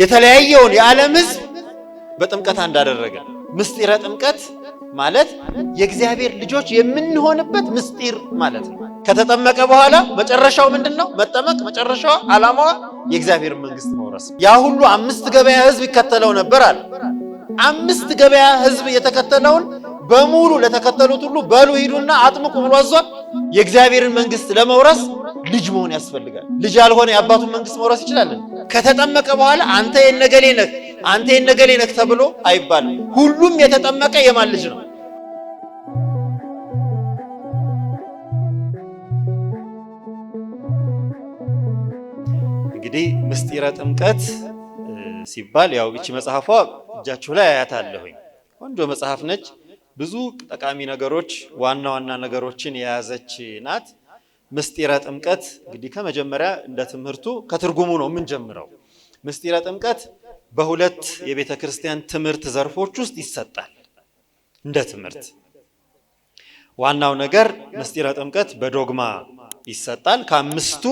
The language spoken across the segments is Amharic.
የተለያየውን የዓለም ሕዝብ በጥምቀት አንድ ምስጢረ ጥምቀት ማለት የእግዚአብሔር ልጆች የምንሆንበት ምስጢር ማለት ነው። ከተጠመቀ በኋላ መጨረሻው ምንድን ነው? መጠመቅ መጨረሻዋ ዓላማዋ የእግዚአብሔር መንግስት መውረስ። ያ ሁሉ አምስት ገበያ ህዝብ ይከተለው ነበር አለ። አምስት ገበያ ህዝብ የተከተለውን በሙሉ ለተከተሉት ሁሉ በሉ ሂዱና አጥምቁ ብሎ አዟል። የእግዚአብሔርን መንግስት ለመውረስ ልጅ መሆን ያስፈልጋል። ልጅ ያልሆነ የአባቱን መንግስት መውረስ ይችላለን። ከተጠመቀ በኋላ አንተ የነገሌ ነህ፣ አንተ የነገሌ ነህ ተብሎ አይባልም። ሁሉም የተጠመቀ የማን ልጅ ነው? እንግዲህ ምስጢረ ጥምቀት ሲባል ያው እቺ መጽሐፏ እጃችሁ ላይ አያታለሁኝ። ቆንጆ መጽሐፍ ነች። ብዙ ጠቃሚ ነገሮች ዋና ዋና ነገሮችን የያዘች ናት። ምስጢረ ጥምቀት እንግዲህ ከመጀመሪያ እንደ ትምህርቱ ከትርጉሙ ነው የምንጀምረው። ምስጢረ ጥምቀት በሁለት የቤተ ክርስቲያን ትምህርት ዘርፎች ውስጥ ይሰጣል። እንደ ትምህርት ዋናው ነገር ምስጢረ ጥምቀት በዶግማ ይሰጣል። ከአምስቱ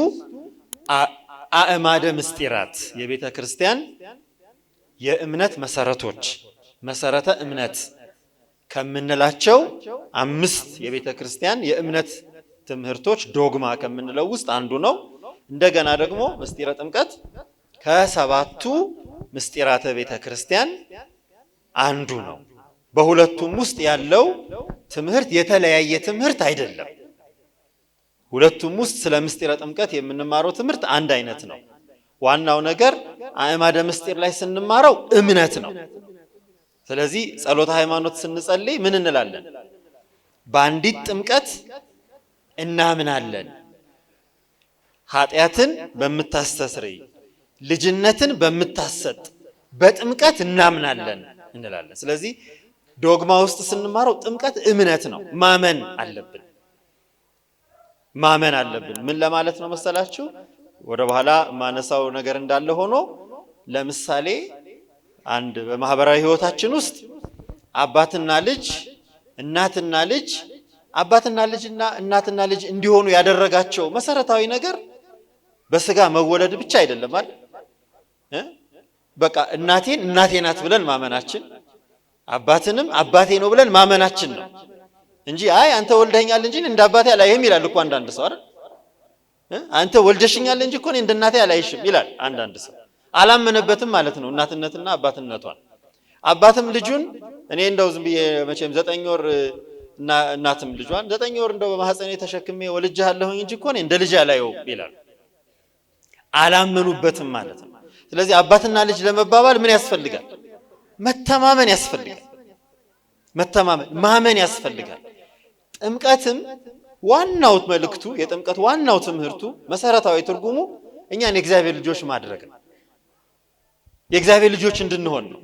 አእማደ ምስጢራት የቤተ ክርስቲያን የእምነት መሰረቶች መሰረተ እምነት ከምንላቸው አምስት የቤተ ክርስቲያን የእምነት ትምህርቶች ዶግማ ከምንለው ውስጥ አንዱ ነው። እንደገና ደግሞ ምስጢረ ጥምቀት ከሰባቱ ምስጢራተ ቤተ ክርስቲያን አንዱ ነው። በሁለቱም ውስጥ ያለው ትምህርት የተለያየ ትምህርት አይደለም። ሁለቱም ውስጥ ስለ ምስጢረ ጥምቀት የምንማረው ትምህርት አንድ አይነት ነው። ዋናው ነገር አእማደ ምስጢር ላይ ስንማረው እምነት ነው። ስለዚህ ጸሎተ ሃይማኖት ስንጸልይ ምን እንላለን? በአንዲት ጥምቀት እናምናለን፣ ኃጢአትን በምታስተስርይ ልጅነትን በምታሰጥ በጥምቀት እናምናለን እንላለን። ስለዚህ ዶግማ ውስጥ ስንማረው ጥምቀት እምነት ነው፣ ማመን አለብን ማመን አለብን። ምን ለማለት ነው መሰላችሁ? ወደ በኋላ ማነሳው ነገር እንዳለ ሆኖ ለምሳሌ አንድ በማህበራዊ ህይወታችን ውስጥ አባትና ልጅ፣ እናትና ልጅ፣ አባትና ልጅና እናትና ልጅ እንዲሆኑ ያደረጋቸው መሰረታዊ ነገር በስጋ መወለድ ብቻ አይደለም አይደል? በቃ እናቴን እናቴ ናት ብለን ማመናችን አባትንም አባቴ ነው ብለን ማመናችን ነው እንጂ አይ አንተ ወልደኛል እንጂ እንደ አባቴ አላይህም ይላል እኮ አንዳንድ ሰው አይደል? አንተ ወልደሽኛል እንጂ እኮ እኔ እንደ እናቴ አላይሽም ይላል አንዳንድ ሰው። አላመነበትም ማለት ነው። እናትነትና አባትነቷን አባትም ልጁን እኔ እንደው ዝም ብዬ መቼም ዘጠኝ ወር እናትም ልጇን ዘጠኝ ወር እንደው በማህፀኔ ተሸክሜ ወልጄሃለሁኝ እንጂ እኮ እኔ እንደ ልጅ አላየውም ይላል። አላመኑበትም ማለት ነው። ስለዚህ አባትና ልጅ ለመባባል ምን ያስፈልጋል? መተማመን ያስፈልጋል። መተማመን ማመን ያስፈልጋል። ጥምቀትም ዋናው መልእክቱ የጥምቀት ዋናው ትምህርቱ መሰረታዊ ትርጉሙ እኛን የእግዚአብሔር ልጆች ማድረግ ነው። የእግዚአብሔር ልጆች እንድንሆን ነው።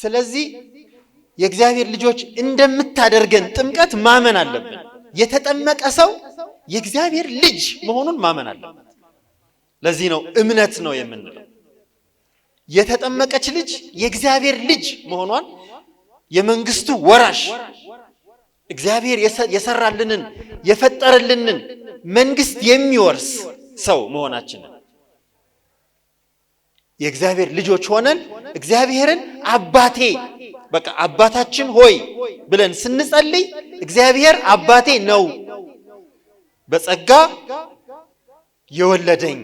ስለዚህ የእግዚአብሔር ልጆች እንደምታደርገን ጥምቀት ማመን አለብን። የተጠመቀ ሰው የእግዚአብሔር ልጅ መሆኑን ማመን አለበት። ለዚህ ነው እምነት ነው የምንለው። የተጠመቀች ልጅ የእግዚአብሔር ልጅ መሆኗን የመንግስቱ ወራሽ እግዚአብሔር የሰራልንን የፈጠረልንን መንግስት የሚወርስ ሰው መሆናችንን የእግዚአብሔር ልጆች ሆነን እግዚአብሔርን አባቴ በቃ አባታችን ሆይ ብለን ስንጸልይ እግዚአብሔር አባቴ ነው፣ በጸጋ የወለደኝ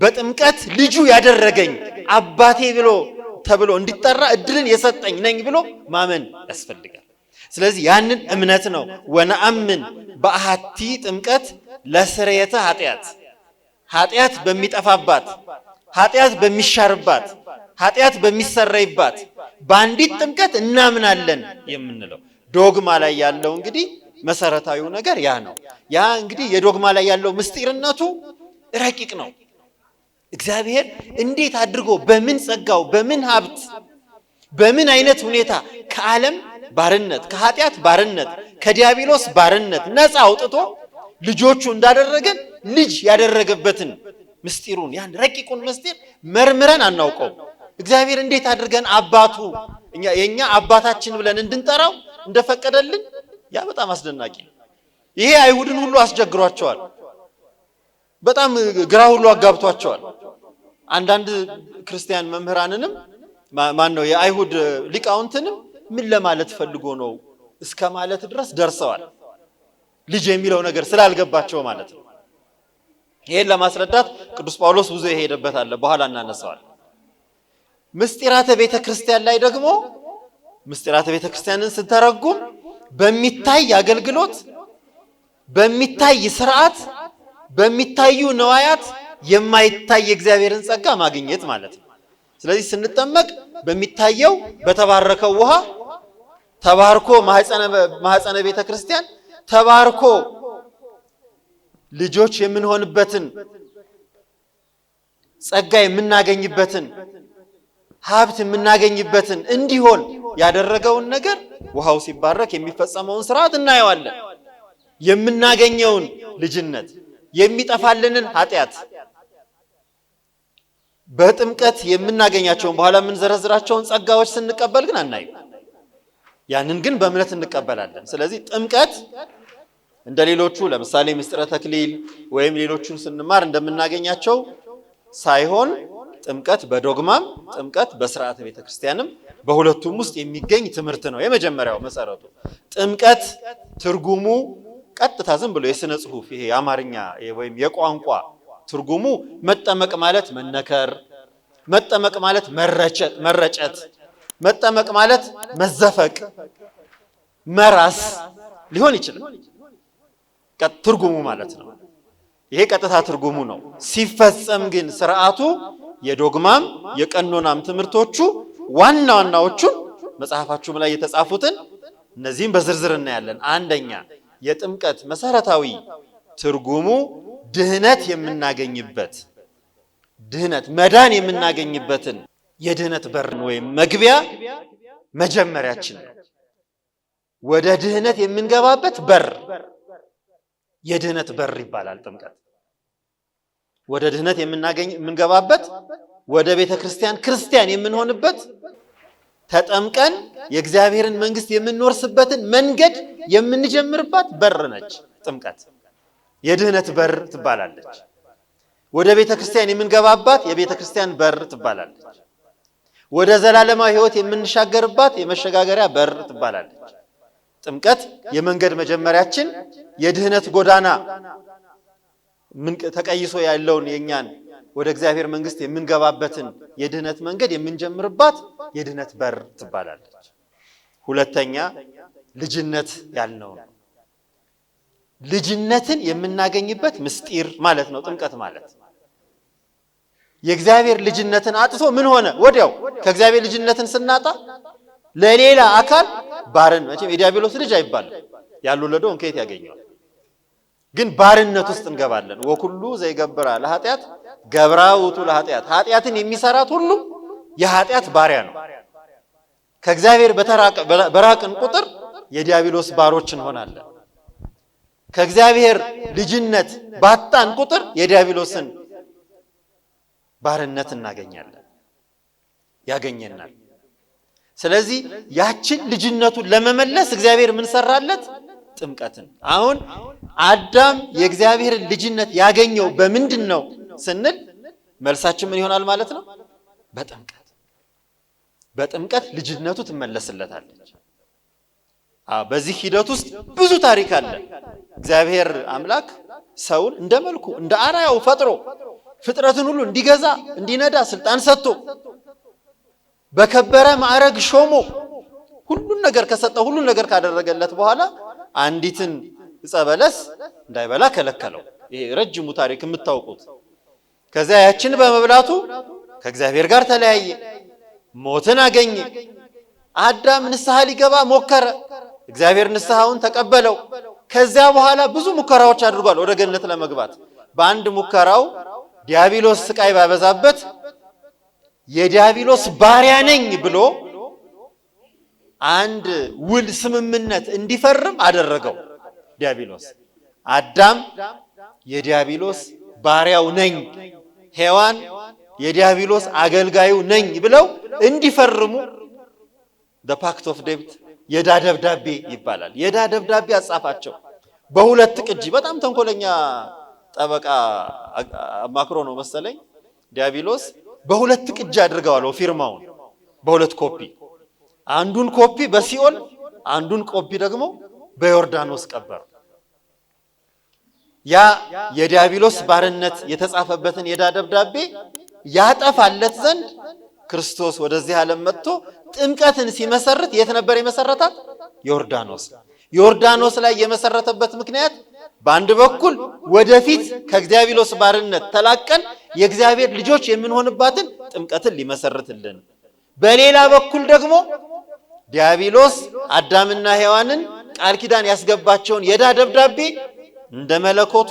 በጥምቀት ልጁ ያደረገኝ አባቴ ብሎ ተብሎ እንዲጠራ እድልን የሰጠኝ ነኝ ብሎ ማመን ያስፈልጋል። ስለዚህ ያንን እምነት ነው ወነአምን በአሃቲ ጥምቀት ለስርየተ ኃጢአት ኃጢአት በሚጠፋባት ኃጢአት በሚሻርባት ኃጢአት በሚሰረይባት በአንዲት ጥምቀት እናምናለን የምንለው ዶግማ ላይ ያለው እንግዲህ መሰረታዊው ነገር ያ ነው። ያ እንግዲህ የዶግማ ላይ ያለው ምስጢርነቱ ረቂቅ ነው። እግዚአብሔር እንዴት አድርጎ በምን ጸጋው፣ በምን ሀብት፣ በምን አይነት ሁኔታ ከዓለም ባርነት፣ ከኃጢአት ባርነት፣ ከዲያብሎስ ባርነት ነፃ አውጥቶ ልጆቹ እንዳደረገን ልጅ ያደረገበትን ምስጢሩን ያን ረቂቁን ምስጢር መርምረን አናውቀው። እግዚአብሔር እንዴት አድርገን አባቱ እኛ የኛ አባታችን ብለን እንድንጠራው እንደፈቀደልን ያ በጣም አስደናቂ ነው። ይሄ አይሁድን ሁሉ አስቸግሯቸዋል። በጣም ግራ ሁሉ አጋብቷቸዋል። አንዳንድ ክርስቲያን መምህራንንም ማን ነው የአይሁድ ሊቃውንትንም ምን ለማለት ፈልጎ ነው እስከ ማለት ድረስ ደርሰዋል። ልጅ የሚለው ነገር ስላልገባቸው ማለት ነው። ይሄን ለማስረዳት ቅዱስ ጳውሎስ ብዙ የሄደበት አለ፣ በኋላ እናነሳዋል። ምስጢራተ ቤተ ክርስቲያን ላይ ደግሞ ምስጢራተ ቤተ ክርስቲያንን ስንተረጉም በሚታይ አገልግሎት፣ በሚታይ ስርዓት፣ በሚታዩ ነዋያት የማይታይ እግዚአብሔርን ጸጋ ማግኘት ማለት ነው። ስለዚህ ስንጠመቅ በሚታየው በተባረከው ውሃ ተባርኮ ማህፀነ ቤተ ክርስቲያን ተባርኮ ልጆች የምንሆንበትን ጸጋ የምናገኝበትን ሀብት የምናገኝበትን እንዲሆን ያደረገውን ነገር ውሃው ሲባረክ የሚፈጸመውን ስርዓት እናየዋለን። የምናገኘውን ልጅነት የሚጠፋልንን ኃጢአት በጥምቀት የምናገኛቸውን በኋላ የምንዘረዝራቸውን ጸጋዎች ስንቀበል ግን አናይም። ያንን ግን በእምነት እንቀበላለን። ስለዚህ ጥምቀት እንደ ሌሎቹ ለምሳሌ ምስጢረ ተክሊል ወይም ሌሎቹን ስንማር እንደምናገኛቸው ሳይሆን ጥምቀት በዶግማም ጥምቀት በስርዓተ ቤተ ክርስቲያንም በሁለቱም ውስጥ የሚገኝ ትምህርት ነው። የመጀመሪያው መሰረቱ ጥምቀት ትርጉሙ ቀጥታ ዝም ብሎ የስነ ጽሁፍ ይሄ የአማርኛ ወይም የቋንቋ ትርጉሙ መጠመቅ ማለት መነከር፣ መጠመቅ ማለት መረጨት፣ መጠመቅ ማለት መዘፈቅ፣ መራስ ሊሆን ይችላል። ትርጉሙ ማለት ነው። ይሄ ቀጥታ ትርጉሙ ነው። ሲፈጸም ግን ስርዓቱ የዶግማም የቀኖናም ትምህርቶቹ ዋና ዋናዎቹን መጽሐፋችሁም ላይ የተጻፉትን እነዚህም በዝርዝር እናያለን። አንደኛ የጥምቀት መሰረታዊ ትርጉሙ ድህነት የምናገኝበት ድህነት መዳን የምናገኝበትን የድህነት በርን ወይም መግቢያ መጀመሪያችን ነው። ወደ ድህነት የምንገባበት በር የድህነት በር ይባላል ጥምቀት። ወደ ድህነት የምናገኝ የምንገባበት ወደ ቤተ ክርስቲያን ክርስቲያን የምንሆንበት ተጠምቀን የእግዚአብሔርን መንግስት የምንወርስበትን መንገድ የምንጀምርባት በር ነች ጥምቀት። የድህነት በር ትባላለች። ወደ ቤተ ክርስቲያን የምንገባባት የቤተ ክርስቲያን በር ትባላለች። ወደ ዘላለማዊ ሕይወት የምንሻገርባት የመሸጋገሪያ በር ትባላለች። ጥምቀት የመንገድ መጀመሪያችን የድህነት ጎዳና ተቀይሶ ያለውን የእኛን ወደ እግዚአብሔር መንግስት የምንገባበትን የድህነት መንገድ የምንጀምርባት የድህነት በር ትባላለች። ሁለተኛ ልጅነት ያልነው ነው። ልጅነትን የምናገኝበት ምስጢር ማለት ነው ጥምቀት ማለት። የእግዚአብሔር ልጅነትን አጥቶ ምን ሆነ? ወዲያው ከእግዚአብሔር ልጅነትን ስናጣ ለሌላ አካል ባርን መቼም የዲያብሎስ ልጅ አይባልም። ያልወለደውን ከየት ያገኘዋል? ግን ባርነት ውስጥ እንገባለን። ወኩሉ ዘይገብራ ለኃጢአት ገብራውቱ ውእቱ ለኃጢአት፣ ኃጢአትን የሚሰራት ሁሉ የኃጢአት ባሪያ ነው። ከእግዚአብሔር በራቅን ቁጥር የዲያብሎስ ባሮች እንሆናለን። ከእግዚአብሔር ልጅነት ባጣን ቁጥር የዲያብሎስን ባርነት እናገኛለን፣ ያገኘናል። ስለዚህ ያችን ልጅነቱን ለመመለስ እግዚአብሔር ምን ሰራለት? ጥምቀትን። አሁን አዳም የእግዚአብሔርን ልጅነት ያገኘው በምንድን ነው ስንል መልሳችን ምን ይሆናል ማለት ነው? በጥምቀት በጥምቀት ልጅነቱ ትመለስለታለች። በዚህ ሂደት ውስጥ ብዙ ታሪክ አለ። እግዚአብሔር አምላክ ሰውን እንደ መልኩ እንደ አራያው ፈጥሮ ፍጥረትን ሁሉ እንዲገዛ እንዲነዳ ስልጣን ሰጥቶ በከበረ ማዕረግ ሾሞ ሁሉን ነገር ከሰጠ ሁሉን ነገር ካደረገለት በኋላ አንዲትን ጸበለስ በለስ እንዳይበላ ከለከለው። ይሄ ረጅሙ ታሪክ የምታውቁት። ከዚያ ያችን በመብላቱ ከእግዚአብሔር ጋር ተለያየ፣ ሞትን አገኘ። አዳም ንስሐ ሊገባ ሞከረ፣ እግዚአብሔር ንስሐውን ተቀበለው። ከዚያ በኋላ ብዙ ሙከራዎች አድርጓል ወደ ገነት ለመግባት። በአንድ ሙከራው ዲያብሎስ ስቃይ ባበዛበት የዲያብሎስ ባሪያ ነኝ ብሎ አንድ ውል ስምምነት እንዲፈርም አደረገው። ዲያብሎስ አዳም የዲያብሎስ ባሪያው ነኝ፣ ሔዋን የዲያብሎስ አገልጋዩ ነኝ ብለው እንዲፈርሙ ፓክት ኦፍ ዴብት የዳ ደብዳቤ ይባላል። የዳ ደብዳቤ አጻፋቸው በሁለት ቅጂ። በጣም ተንኮለኛ ጠበቃ አማክሮ ነው መሰለኝ ዲያብሎስ በሁለት ቅጅ አድርገዋለሁ ፊርማውን በሁለት ኮፒ፣ አንዱን ኮፒ በሲኦል አንዱን ኮፒ ደግሞ በዮርዳኖስ ቀበር። ያ የዲያብሎስ ባርነት የተጻፈበትን የዳ ደብዳቤ ያጠፋለት ዘንድ ክርስቶስ ወደዚህ ዓለም መጥቶ ጥምቀትን ሲመሰርት የት ነበር የመሰረታት? ዮርዳኖስ። ዮርዳኖስ ላይ የመሰረተበት ምክንያት በአንድ በኩል ወደፊት ከዲያብሎስ ባርነት ተላቀን የእግዚአብሔር ልጆች የምንሆንባትን ጥምቀትን ሊመሰርትልን፣ በሌላ በኩል ደግሞ ዲያብሎስ አዳምና ሔዋንን ቃል ኪዳን ያስገባቸውን የዕዳ ደብዳቤ እንደ መለኮቱ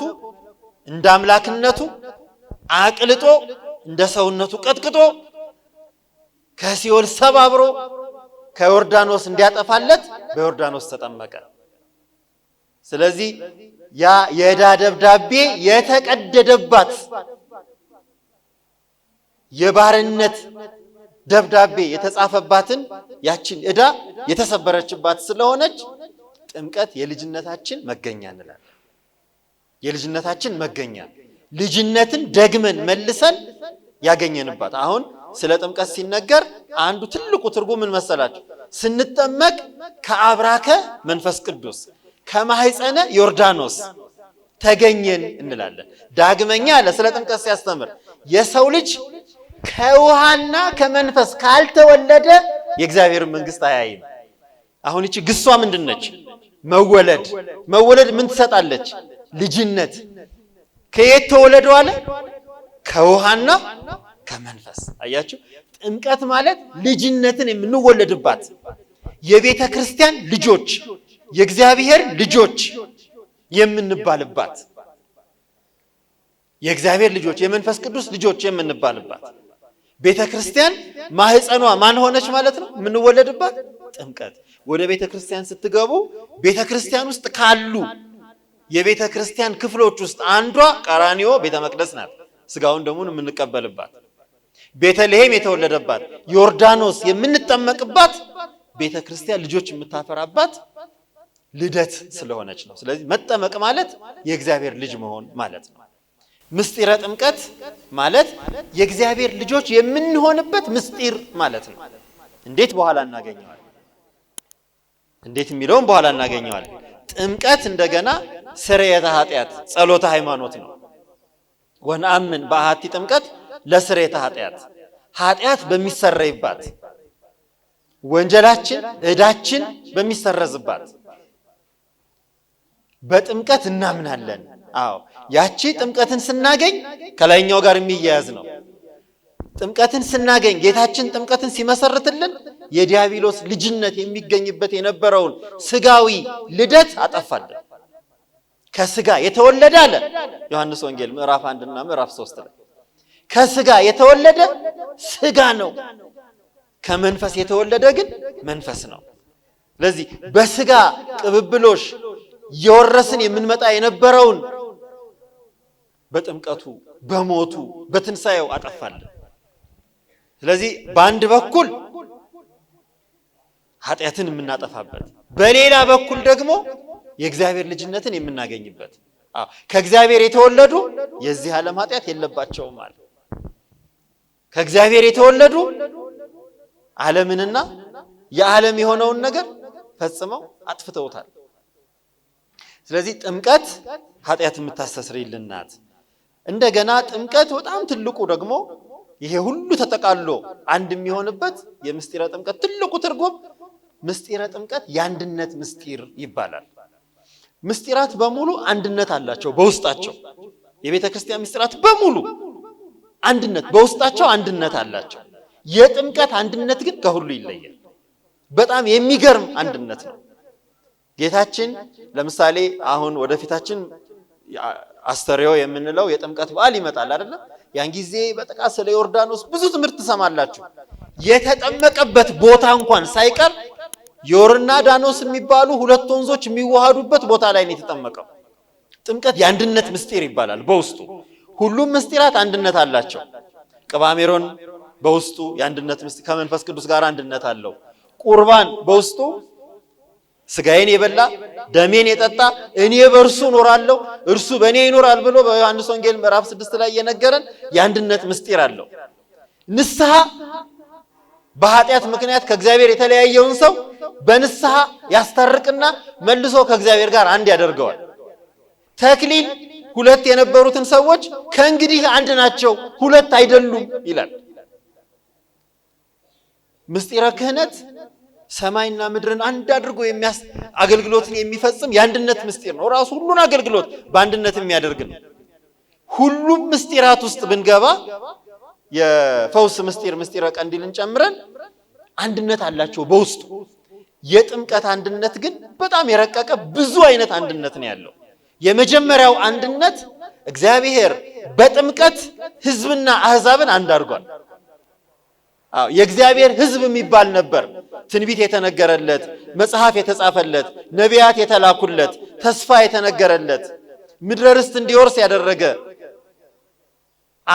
እንደ አምላክነቱ አቅልጦ እንደ ሰውነቱ ቀጥቅጦ ከሲኦል ሰባብሮ ከዮርዳኖስ እንዲያጠፋለት በዮርዳኖስ ተጠመቀ። ስለዚህ ያ የዕዳ ደብዳቤ የተቀደደባት የባርነት ደብዳቤ የተጻፈባትን ያችን ዕዳ የተሰበረችባት ስለሆነች ጥምቀት የልጅነታችን መገኛ እንላለን። የልጅነታችን መገኛ ልጅነትን ደግመን መልሰን ያገኘንባት። አሁን ስለ ጥምቀት ሲነገር አንዱ ትልቁ ትርጉም ምን መሰላችሁ? ስንጠመቅ ከአብራከ መንፈስ ቅዱስ ከማህፀነ ዮርዳኖስ ተገኘን እንላለን። ዳግመኛ አለ ስለ ጥምቀት ሲያስተምር የሰው ልጅ ከውሃና ከመንፈስ ካልተወለደ የእግዚአብሔር መንግስት አያይም። አሁን እቺ ግሷ ምንድን ነች? መወለድ። መወለድ ምን ትሰጣለች? ልጅነት። ከየት ተወለደው አለ? ከውሃና ከመንፈስ። አያችሁ፣ ጥምቀት ማለት ልጅነትን የምንወለድባት የቤተ ክርስቲያን ልጆች፣ የእግዚአብሔር ልጆች የምንባልባት የእግዚአብሔር ልጆች፣ የመንፈስ ቅዱስ ልጆች የምንባልባት ቤተ ክርስቲያን ማህፀኗ ማን ሆነች ማለት ነው? የምንወለድባት ጥምቀት። ወደ ቤተ ክርስቲያን ስትገቡ ቤተ ክርስቲያን ውስጥ ካሉ የቤተ ክርስቲያን ክፍሎች ውስጥ አንዷ ቀራኒዮ ቤተ መቅደስ ናት፣ ስጋውን ደሙን የምንቀበልባት። ቤተልሔም የተወለደባት፣ ዮርዳኖስ የምንጠመቅባት፣ ቤተ ክርስቲያን ልጆች የምታፈራባት ልደት ስለሆነች ነው። ስለዚህ መጠመቅ ማለት የእግዚአብሔር ልጅ መሆን ማለት ነው። ምስጢረ ጥምቀት ማለት የእግዚአብሔር ልጆች የምንሆንበት ምስጢር ማለት ነው። እንዴት በኋላ እናገኘዋለን። እንዴት የሚለውም በኋላ እናገኘዋለን። ጥምቀት እንደገና ስርየተ ኃጢአት ጸሎተ ሃይማኖት ነው። ወንአምን በአሐቲ ጥምቀት ለስርየተ ኃጢአት ኃጢአት በሚሰረይባት ወንጀላችን እዳችን በሚሰረዝባት በጥምቀት እናምናለን። አዎ ያቺ ጥምቀትን ስናገኝ ከላይኛው ጋር የሚያያዝ ነው። ጥምቀትን ስናገኝ ጌታችን ጥምቀትን ሲመሰርትልን የዲያብሎስ ልጅነት የሚገኝበት የነበረውን ስጋዊ ልደት አጠፋለን። ከስጋ የተወለደ አለ ዮሐንስ ወንጌል ምዕራፍ አንድና ምዕራፍ ሶስት ላይ ከስጋ የተወለደ ስጋ ነው፣ ከመንፈስ የተወለደ ግን መንፈስ ነው። ስለዚህ በስጋ ቅብብሎሽ እየወረስን የምንመጣ የነበረውን በጥምቀቱ በሞቱ በትንሣኤው አጠፋለን። ስለዚህ በአንድ በኩል ኃጢአትን የምናጠፋበት፣ በሌላ በኩል ደግሞ የእግዚአብሔር ልጅነትን የምናገኝበት ከእግዚአብሔር የተወለዱ የዚህ ዓለም ኃጢአት የለባቸውም አለ። ከእግዚአብሔር የተወለዱ ዓለምንና የዓለም የሆነውን ነገር ፈጽመው አጥፍተውታል። ስለዚህ ጥምቀት ኃጢአት የምታስተስርይልን ናት። እንደገና ጥምቀት በጣም ትልቁ ደግሞ ይሄ ሁሉ ተጠቃሎ አንድ የሚሆንበት የምስጢረ ጥምቀት ትልቁ ትርጉም ምስጢረ ጥምቀት የአንድነት ምስጢር ይባላል። ምስጢራት በሙሉ አንድነት አላቸው በውስጣቸው። የቤተ ክርስቲያን ምስጢራት በሙሉ አንድነት በውስጣቸው አንድነት አላቸው። የጥምቀት አንድነት ግን ከሁሉ ይለያል። በጣም የሚገርም አንድነት ነው። ጌታችን ለምሳሌ አሁን ወደፊታችን አስተሪዮ የምንለው የጥምቀት በዓል ይመጣል አይደለም? ያን ጊዜ በጠቃ ስለ ዮርዳኖስ ብዙ ትምህርት ትሰማላችሁ። የተጠመቀበት ቦታ እንኳን ሳይቀር ዮርና ዳኖስ የሚባሉ ሁለት ወንዞች የሚዋሃዱበት ቦታ ላይ ነው የተጠመቀው። ጥምቀት የአንድነት ምስጢር ይባላል። በውስጡ ሁሉም ምስጢራት አንድነት አላቸው። ቅባሜሮን በውስጡ የአንድነት ምስጢር ከመንፈስ ቅዱስ ጋር አንድነት አለው። ቁርባን በውስጡ ስጋዬን የበላ ደሜን የጠጣ እኔ በእርሱ እኖራለሁ እርሱ በእኔ ይኖራል ብሎ በዮሐንስ ወንጌል ምዕራፍ ስድስት ላይ የነገረን የአንድነት ምስጢር አለው። ንስሐ በኃጢአት ምክንያት ከእግዚአብሔር የተለያየውን ሰው በንስሐ ያስታርቅና መልሶ ከእግዚአብሔር ጋር አንድ ያደርገዋል። ተክሊል ሁለት የነበሩትን ሰዎች ከእንግዲህ አንድ ናቸው፣ ሁለት አይደሉም ይላል ምስጢረ ክህነት ሰማይና ምድርን አንድ አድርጎ አገልግሎትን የሚፈጽም የአንድነት ምስጢር ነው። ራሱ ሁሉን አገልግሎት በአንድነት የሚያደርግ ነው። ሁሉም ምስጢራት ውስጥ ብንገባ የፈውስ ምስጢር ምስጢረ ቀንዲልን ጨምረን አንድነት አላቸው በውስጡ። የጥምቀት አንድነት ግን በጣም የረቀቀ ብዙ አይነት አንድነት ነው ያለው። የመጀመሪያው አንድነት እግዚአብሔር በጥምቀት ሕዝብና አህዛብን አንድ አድርጓል። የእግዚአብሔር ሕዝብ የሚባል ነበር። ትንቢት የተነገረለት፣ መጽሐፍ የተጻፈለት፣ ነቢያት የተላኩለት፣ ተስፋ የተነገረለት፣ ምድረ ርስት እንዲወርስ ያደረገ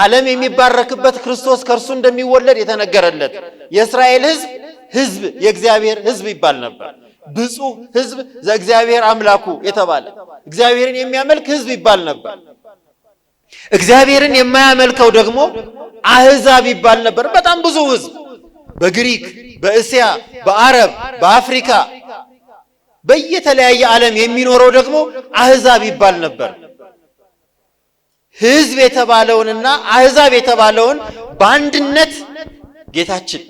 ዓለም የሚባረክበት ክርስቶስ ከእርሱ እንደሚወለድ የተነገረለት የእስራኤል ሕዝብ ሕዝብ የእግዚአብሔር ሕዝብ ይባል ነበር። ብፁዕ ሕዝብ ዘእግዚአብሔር አምላኩ የተባለ እግዚአብሔርን የሚያመልክ ሕዝብ ይባል ነበር። እግዚአብሔርን የማያመልከው ደግሞ አህዛብ ይባል ነበር። በጣም ብዙ ህዝብ በግሪክ፣ በእስያ፣ በአረብ፣ በአፍሪካ በየተለያየ ዓለም የሚኖረው ደግሞ አህዛብ ይባል ነበር። ህዝብ የተባለውንና አህዛብ የተባለውን በአንድነት ጌታችን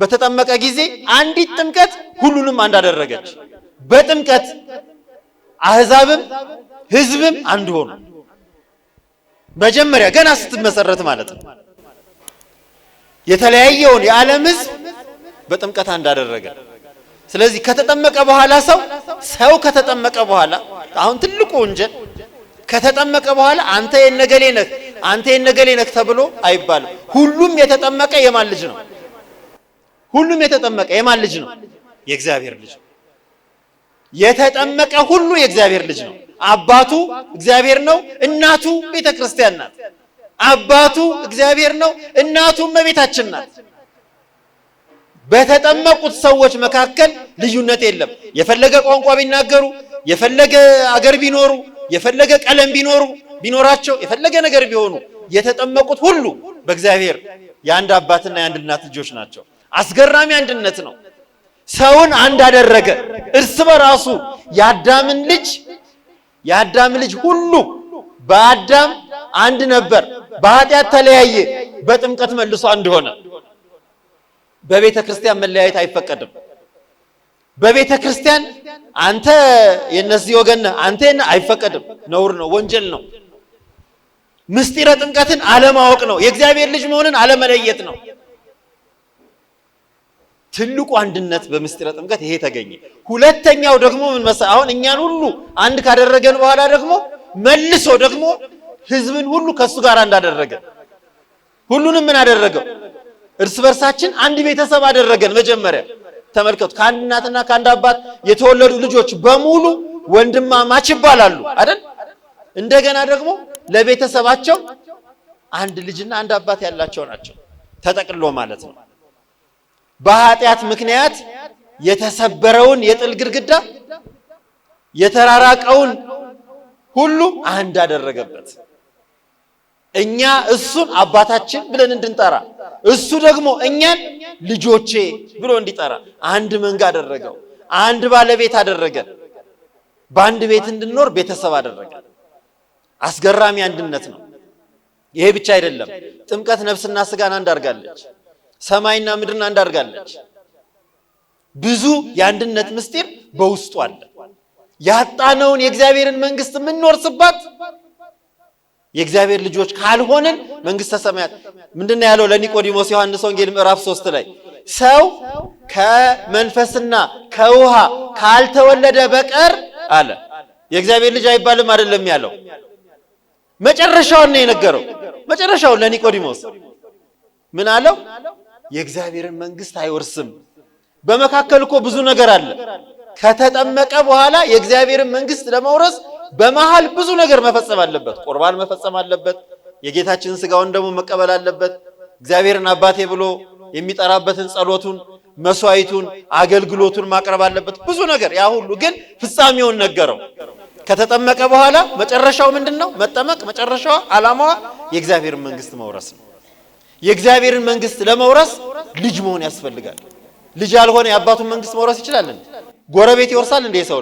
በተጠመቀ ጊዜ አንዲት ጥምቀት ሁሉንም አንድ አደረገች። በጥምቀት አህዛብም ህዝብም አንድ ሆኑ። መጀመሪያ ገና ስትመሰረት ማለት ነው። የተለያየውን የዓለም ህዝብ በጥምቀት አንዳደረገ ስለዚህ ከተጠመቀ በኋላ ሰው ሰው ከተጠመቀ በኋላ አሁን ትልቁ ወንጀል ከተጠመቀ በኋላ አንተ የነገሌ ነህ አንተ የነገሌ ነህ ተብሎ አይባልም። ሁሉም የተጠመቀ የማን ልጅ ነው? ሁሉም የተጠመቀ የማን ልጅ ነው? የእግዚአብሔር ልጅ ነው። የተጠመቀ ሁሉ የእግዚአብሔር ልጅ ነው። አባቱ እግዚአብሔር ነው። እናቱ ቤተ ክርስቲያን ናት። አባቱ እግዚአብሔር ነው፣ እናቱም እመቤታችን ናት። በተጠመቁት ሰዎች መካከል ልዩነት የለም። የፈለገ ቋንቋ ቢናገሩ፣ የፈለገ አገር ቢኖሩ፣ የፈለገ ቀለም ቢኖሩ ቢኖራቸው፣ የፈለገ ነገር ቢሆኑ የተጠመቁት ሁሉ በእግዚአብሔር የአንድ አባትና የአንድ እናት ልጆች ናቸው። አስገራሚ አንድነት ነው። ሰውን አንድ አደረገ። እርስ በራሱ የአዳምን ልጅ የአዳም ልጅ ሁሉ በአዳም አንድ ነበር። በኃጢአት ተለያየ፣ በጥምቀት መልሶ አንድ ሆነ። በቤተ ክርስቲያን መለያየት አይፈቀድም። በቤተ ክርስቲያን አንተ የነዚህ ወገን አንተ አይፈቀድም። ነውር ነው፣ ወንጀል ነው። ምስጢረ ጥምቀትን አለማወቅ ነው። የእግዚአብሔር ልጅ መሆንን አለመለየት ነው። ትልቁ አንድነት በምስጢረ ጥምቀት ይሄ ተገኘ። ሁለተኛው ደግሞ ምን መሰ አሁን እኛን ሁሉ አንድ ካደረገን በኋላ ደግሞ መልሶ ደግሞ ህዝብን ሁሉ ከእሱ ጋር እንዳደረገ ሁሉንም ምን አደረገው? እርስ በርሳችን አንድ ቤተሰብ አደረገን። መጀመሪያ ተመልከቱ፣ ከአንድ እናትና ከአንድ አባት የተወለዱ ልጆች በሙሉ ወንድማማች ይባላሉ አይደል? እንደገና ደግሞ ለቤተሰባቸው አንድ ልጅና አንድ አባት ያላቸው ናቸው፣ ተጠቅሎ ማለት ነው። በኃጢአት ምክንያት የተሰበረውን የጥል ግድግዳ የተራራቀውን ሁሉ አንድ አደረገበት። እኛ እሱን አባታችን ብለን እንድንጠራ እሱ ደግሞ እኛን ልጆቼ ብሎ እንዲጠራ አንድ መንጋ አደረገው። አንድ ባለቤት አደረገን። በአንድ ቤት እንድንኖር ቤተሰብ አደረገ። አስገራሚ አንድነት ነው። ይሄ ብቻ አይደለም። ጥምቀት ነፍስና ስጋን አንዳርጋለች ሰማይና ምድርን አንዳርጋለች። ብዙ የአንድነት ምስጢር በውስጡ አለ። ያጣነውን የእግዚአብሔርን መንግስት የምንወርስባት የእግዚአብሔር ልጆች ካልሆንን መንግስተ ሰማያት ምንድነው ያለው ለኒቆዲሞስ ዮሐንስ ወንጌል ምዕራፍ ሶስት ላይ ሰው ከመንፈስና ከውሃ ካልተወለደ በቀር አለ የእግዚአብሔር ልጅ አይባልም አይደለም ያለው መጨረሻውን ነው የነገረው መጨረሻውን ለኒቆዲሞስ ምን አለው የእግዚአብሔርን መንግስት አይወርስም በመካከል እኮ ብዙ ነገር አለ ከተጠመቀ በኋላ የእግዚአብሔርን መንግስት ለመውረስ በመሃል ብዙ ነገር መፈጸም አለበት። ቁርባን መፈጸም አለበት። የጌታችንን ስጋውን ደግሞ መቀበል አለበት። እግዚአብሔርን አባቴ ብሎ የሚጠራበትን ጸሎቱን፣ መስዋዕቱን፣ አገልግሎቱን ማቅረብ አለበት። ብዙ ነገር ያ ሁሉ ግን ፍጻሜውን ነገረው። ከተጠመቀ በኋላ መጨረሻው ምንድን ነው? መጠመቅ መጨረሻዋ ዓላማዋ የእግዚአብሔርን መንግስት መውረስ ነው። የእግዚአብሔርን መንግስት ለመውረስ ልጅ መሆን ያስፈልጋል። ልጅ ያልሆነ የአባቱን መንግስት መውረስ ይችላል? ጎረቤት ይወርሳል እንዴ? ሰው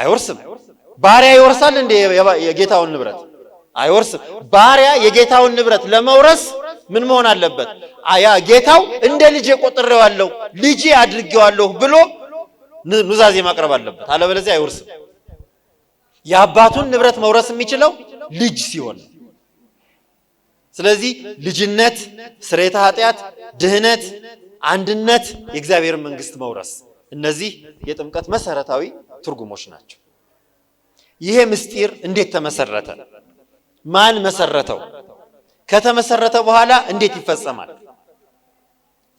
አይወርስም። ባሪያ ይወርሳል እንዴ? የጌታውን ንብረት አይወርስም። ባሪያ የጌታውን ንብረት ለመውረስ ምን መሆን አለበት? አያ ጌታው እንደ ልጄ ቆጥሬዋለሁ፣ ልጄ አድርጌዋለሁ ብሎ ኑዛዜ ማቅረብ አለበት። አለበለዚያ አይወርስም። የአባቱን ንብረት መውረስ የሚችለው ልጅ ሲሆን፣ ስለዚህ ልጅነት፣ ስርየተ ኃጢአት፣ ድህነት፣ አንድነት፣ የእግዚአብሔር መንግስት መውረስ እነዚህ የጥምቀት መሰረታዊ ትርጉሞች ናቸው። ይሄ ምስጢር እንዴት ተመሰረተ? ማን መሰረተው? ከተመሰረተ በኋላ እንዴት ይፈጸማል?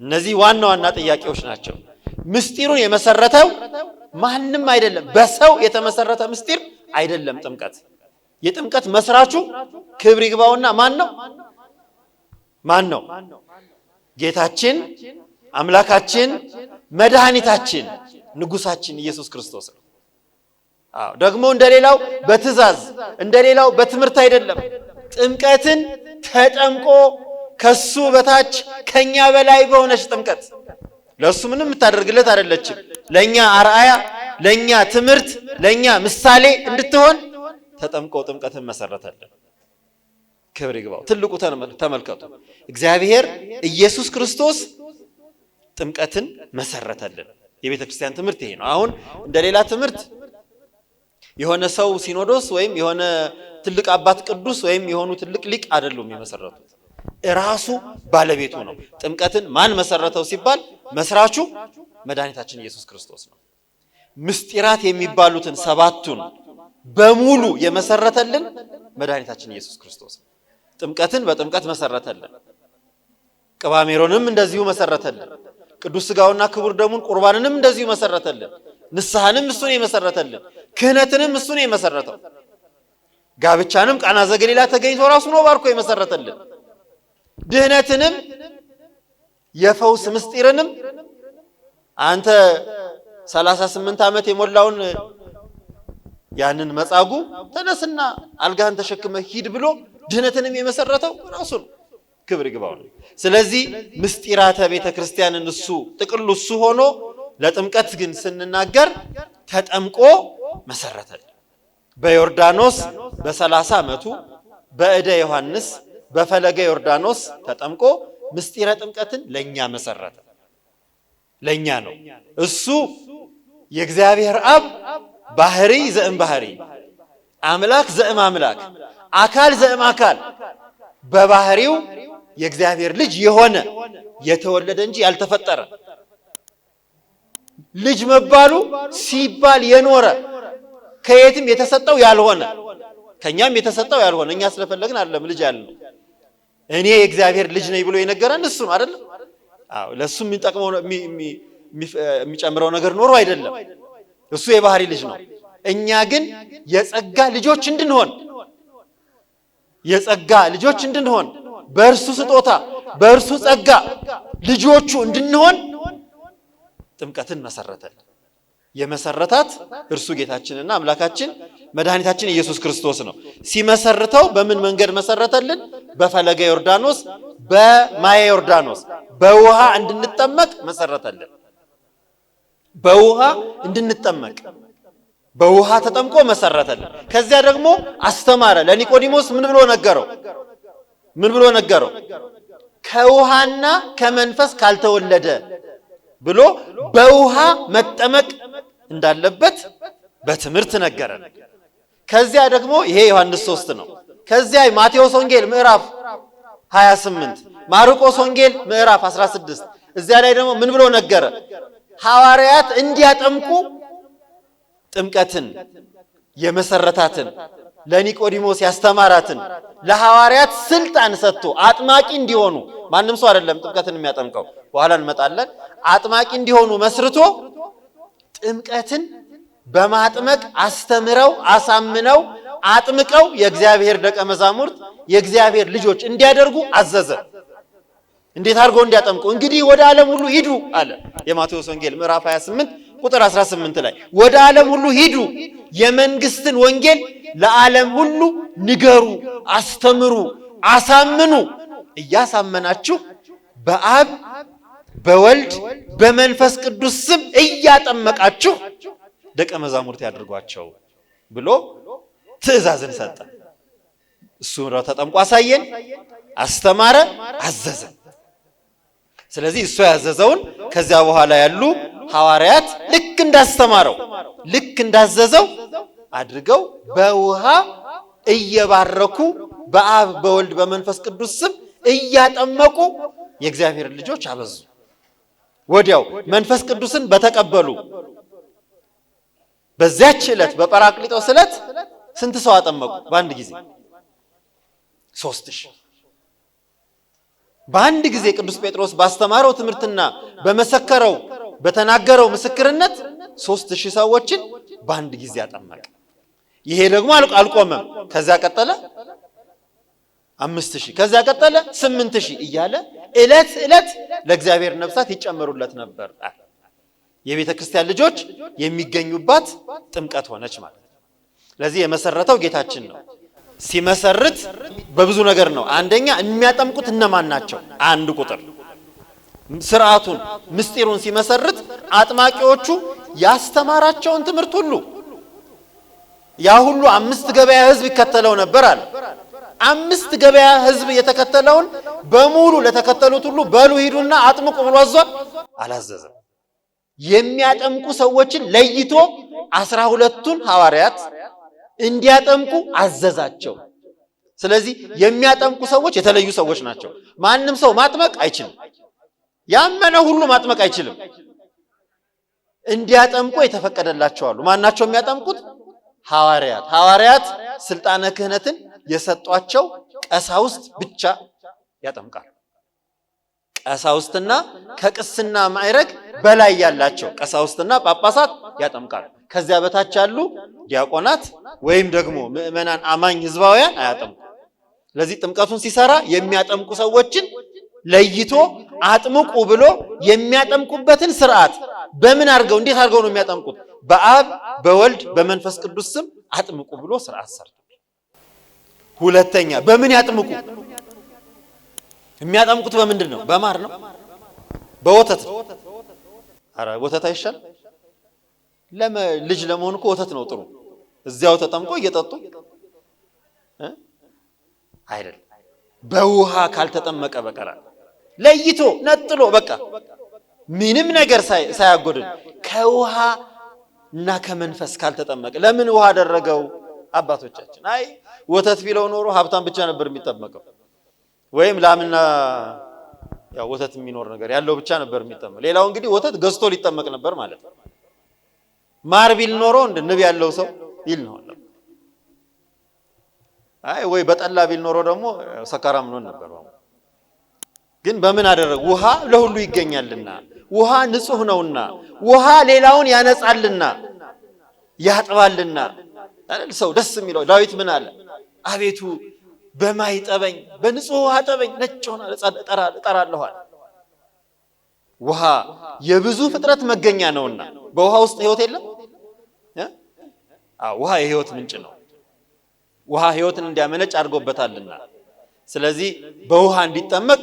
እነዚህ ዋና ዋና ጥያቄዎች ናቸው። ምስጢሩን የመሰረተው ማንም አይደለም፣ በሰው የተመሰረተ ምስጢር አይደለም። ጥምቀት የጥምቀት መስራቹ ክብር ይግባውና ማን ነው? ማን ነው? ጌታችን አምላካችን መድኃኒታችን ንጉሳችን ኢየሱስ ክርስቶስ ነው። ደግሞ እንደሌላው በትእዛዝ እንደሌላው በትምህርት አይደለም። ጥምቀትን ተጠምቆ ከሱ በታች ከኛ በላይ በሆነች ጥምቀት ለሱ ምንም የምታደርግለት አይደለችም። ለኛ አርአያ፣ ለኛ ትምህርት፣ ለኛ ምሳሌ እንድትሆን ተጠምቆ ጥምቀትን መሰረተልን። ክብር ይግባው። ትልቁ ተመልከቱ፣ እግዚአብሔር ኢየሱስ ክርስቶስ ጥምቀትን መሰረተልን። የቤተ ክርስቲያን ትምህርት ይሄ ነው። አሁን እንደሌላ ትምህርት የሆነ ሰው ሲኖዶስ ወይም የሆነ ትልቅ አባት ቅዱስ ወይም የሆኑ ትልቅ ሊቅ አይደሉም የመሰረቱት፣ እራሱ ባለቤቱ ነው። ጥምቀትን ማን መሰረተው ሲባል መስራቹ መድኃኒታችን ኢየሱስ ክርስቶስ ነው። ምስጢራት የሚባሉትን ሰባቱን በሙሉ የመሰረተልን መድኃኒታችን ኢየሱስ ክርስቶስ ነው። ጥምቀትን በጥምቀት መሰረተልን፣ ቅባሜሮንም እንደዚሁ መሰረተልን፣ ቅዱስ ስጋውና ክቡር ደሙን ቁርባንንም እንደዚሁ መሰረተልን፣ ንስሐንም እሱን የመሰረተልን ክህነትንም እሱ ነው የመሰረተው። ጋብቻንም ቃና ዘገሊላ ተገኝቶ ራሱ ነው ባርኮ የመሰረተልን። ድህነትንም የፈውስ ምስጢርንም አንተ 38 ዓመት የሞላውን ያንን መጻጉ ተነስና አልጋህን ተሸክመ ሂድ ብሎ ድህነትንም የመሰረተው ራሱ ነው። ክብር ይግባው። ስለዚህ ምስጢራተ ቤተ ክርስቲያንን እሱ ጥቅሉ እሱ ሆኖ ለጥምቀት ግን ስንናገር ተጠምቆ መሰረተ። በዮርዳኖስ በሰላሳ ዓመቱ በእደ ዮሐንስ በፈለገ ዮርዳኖስ ተጠምቆ ምስጢረ ጥምቀትን ለእኛ መሰረተ። ለእኛ ነው እሱ የእግዚአብሔር አብ ባህሪ ዘእም ባህሪ አምላክ ዘእም አምላክ አካል ዘእም አካል በባህሪው የእግዚአብሔር ልጅ የሆነ የተወለደ እንጂ ያልተፈጠረ ልጅ መባሉ ሲባል የኖረ ከየትም የተሰጠው ያልሆነ ከእኛም የተሰጠው ያልሆነ እኛ ስለፈለግን አይደለም ልጅ ያለ እኔ የእግዚአብሔር ልጅ ነኝ ብሎ የነገረን እሱ ነው አይደለም። አዎ ለሱ የሚጠቅመው የሚጨምረው ነገር ኖሮ አይደለም። እሱ የባህሪ ልጅ ነው። እኛ ግን የጸጋ ልጆች እንድንሆን የጸጋ ልጆች እንድንሆን በእርሱ ስጦታ በእርሱ ጸጋ ልጆቹ እንድንሆን ጥምቀትን መሰረተልን። የመሰረታት እርሱ ጌታችንና አምላካችን መድኃኒታችን ኢየሱስ ክርስቶስ ነው። ሲመሰርተው በምን መንገድ መሰረተልን? በፈለገ ዮርዳኖስ፣ በማየ ዮርዳኖስ በውሃ እንድንጠመቅ መሰረተልን። በውሃ እንድንጠመቅ በውሃ ተጠምቆ መሰረተልን። ከዚያ ደግሞ አስተማረ። ለኒቆዲሞስ ምን ብሎ ነገረው? ምን ብሎ ነገረው? ከውሃና ከመንፈስ ካልተወለደ ብሎ በውሃ መጠመቅ እንዳለበት በትምህርት ነገረን። ከዚያ ደግሞ ይሄ ዮሐንስ ሶስት ነው። ከዚያ ማቴዎስ ወንጌል ምዕራፍ 28 ማርቆስ ወንጌል ምዕራፍ 16 እዚያ ላይ ደግሞ ምን ብሎ ነገረ? ሐዋርያት እንዲያጠምቁ ጥምቀትን የመሰረታትን ለኒቆዲሞስ ያስተማራትን ለሐዋርያት ስልጣን ሰጥቶ አጥማቂ እንዲሆኑ ማንም ሰው አይደለም ጥምቀትን የሚያጠምቀው፣ በኋላ እንመጣለን። አጥማቂ እንዲሆኑ መስርቶ ጥምቀትን በማጥመቅ አስተምረው አሳምነው አጥምቀው የእግዚአብሔር ደቀ መዛሙርት የእግዚአብሔር ልጆች እንዲያደርጉ አዘዘ። እንዴት አድርገው እንዲያጠምቁ እንግዲህ ወደ ዓለም ሁሉ ሂዱ አለ። የማቴዎስ ወንጌል ምዕራፍ 28 ቁጥር 18 ላይ ወደ ዓለም ሁሉ ሂዱ፣ የመንግስትን ወንጌል ለዓለም ሁሉ ንገሩ፣ አስተምሩ፣ አሳምኑ፣ እያሳመናችሁ በአብ በወልድ በመንፈስ ቅዱስ ስም እያጠመቃችሁ ደቀ መዛሙርት ያድርጓቸው ብሎ ትእዛዝን ሰጠ። እሱ ተጠምቆ አሳየን፣ አስተማረ፣ አዘዘ። ስለዚህ እሱ ያዘዘውን ከዚያ በኋላ ያሉ ሐዋርያት ልክ እንዳስተማረው ልክ እንዳዘዘው አድርገው በውሃ እየባረኩ በአብ በወልድ በመንፈስ ቅዱስ ስም እያጠመቁ የእግዚአብሔር ልጆች አበዙ። ወዲያው መንፈስ ቅዱስን በተቀበሉ በዚያች ዕለት በጰራቅሊጦስ ዕለት ስንት ሰው አጠመቁ? በአንድ ጊዜ ሶስት ሺህ በአንድ ጊዜ ቅዱስ ጴጥሮስ ባስተማረው ትምህርትና በመሰከረው በተናገረው ምስክርነት ሶስት ሺህ ሰዎችን በአንድ ጊዜ አጠመቀ። ይሄ ደግሞ አልቆመም። ከዚያ ቀጠለ አምስት ሺህ ከዛ ቀጠለ ስምንት ሺህ እያለ እለት እለት ለእግዚአብሔር ነፍሳት ይጨመሩለት ነበር። የቤተ ክርስቲያን ልጆች የሚገኙባት ጥምቀት ሆነች ማለት ነው። የመሰረተው ጌታችን ነው። ሲመሰርት በብዙ ነገር ነው። አንደኛ የሚያጠምቁት እነማን ናቸው? አንድ ቁጥር ስርዓቱን ምስጢሩን ሲመሰርት አጥማቂዎቹ ያስተማራቸውን ትምህርት ሁሉ ያ ሁሉ አምስት ገበያ ህዝብ ይከተለው ነበር አለ አምስት ገበያ ህዝብ የተከተለውን በሙሉ ለተከተሉት ሁሉ በሉ ሂዱና አጥምቁ ብሎ አዟል? አላዘዘም። የሚያጠምቁ ሰዎችን ለይቶ አስራ ሁለቱን ሐዋርያት እንዲያጠምቁ አዘዛቸው። ስለዚህ የሚያጠምቁ ሰዎች የተለዩ ሰዎች ናቸው። ማንም ሰው ማጥመቅ አይችልም። ያመነ ሁሉ ማጥመቅ አይችልም። እንዲያጠምቁ የተፈቀደላቸው አሉ። ማናቸው? የሚያጠምቁት ሐዋርያት ሐዋርያት ስልጣነ ክህነትን የሰጧቸው ቀሳውስት ብቻ ያጠምቃል። ቀሳውስትና ከቅስና ማዕረግ በላይ ያላቸው ቀሳውስትና ጳጳሳት ያጠምቃል። ከዚያ በታች ያሉ ዲያቆናት ወይም ደግሞ ምዕመናን፣ አማኝ ህዝባውያን አያጠምቁ። ለዚህ ጥምቀቱን ሲሰራ የሚያጠምቁ ሰዎችን ለይቶ አጥምቁ ብሎ የሚያጠምቁበትን ስርዓት በምን አድርገው እንዴት አድርገው ነው የሚያጠምቁት? በአብ በወልድ በመንፈስ ቅዱስ ስም አጥምቁ ብሎ ስርዓት ሰርቷል። ሁለተኛ በምን ያጥምቁ? የሚያጠምቁት በምንድን ነው? በማር ነው? በወተት ነው? አረ ወተት አይሻል? ልጅ ለመሆን እኮ ወተት ነው ጥሩ። እዚያው ተጠምቆ እየጠጡ አይደል? በውሃ ካልተጠመቀ በቀራ ለይቶ ነጥሎ በቃ ምንም ነገር ሳያጎድል ከውሃ እና ከመንፈስ ካልተጠመቀ። ለምን ውሃ አደረገው አባቶቻችን? አይ ወተት ቢለው ኖሮ ሀብታም ብቻ ነበር የሚጠመቀው፣ ወይም ላምና ያው ወተት የሚኖር ነገር ያለው ብቻ ነበር የሚጠመቅ። ሌላው እንግዲህ ወተት ገዝቶ ሊጠመቅ ነበር ማለት ነው። ማር ቢል ኖሮ እንደ ንብ ያለው ሰው ይል ነው። አይ ወይ በጠላ ቢል ኖሮ ደግሞ ሰካራም ነው ነበር። ግን በምን አደረግ? ውሃ ለሁሉ ይገኛልና፣ ውሃ ንጹህ ነውና፣ ውሃ ሌላውን ያነጻልና፣ ያጥባልና አይደል? ሰው ደስ የሚለው ዳዊት ምን አለ? አቤቱ በማይ ጠበኝ፣ በንጹህ ውሃ ጠበኝ፣ ነጭ ሆና እጠራለኋል። ውሃ የብዙ ፍጥረት መገኛ ነውና በውሃ ውስጥ ህይወት የለም። ውሃ የህይወት ምንጭ ነው። ውሃ ህይወትን እንዲያመነጭ አድርጎበታልና ስለዚህ በውሃ እንዲጠመቅ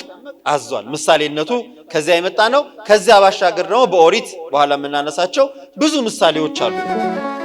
አዟል። ምሳሌነቱ ከዚያ የመጣ ነው። ከዚያ ባሻገር ደግሞ በኦሪት በኋላ የምናነሳቸው ብዙ ምሳሌዎች አሉ።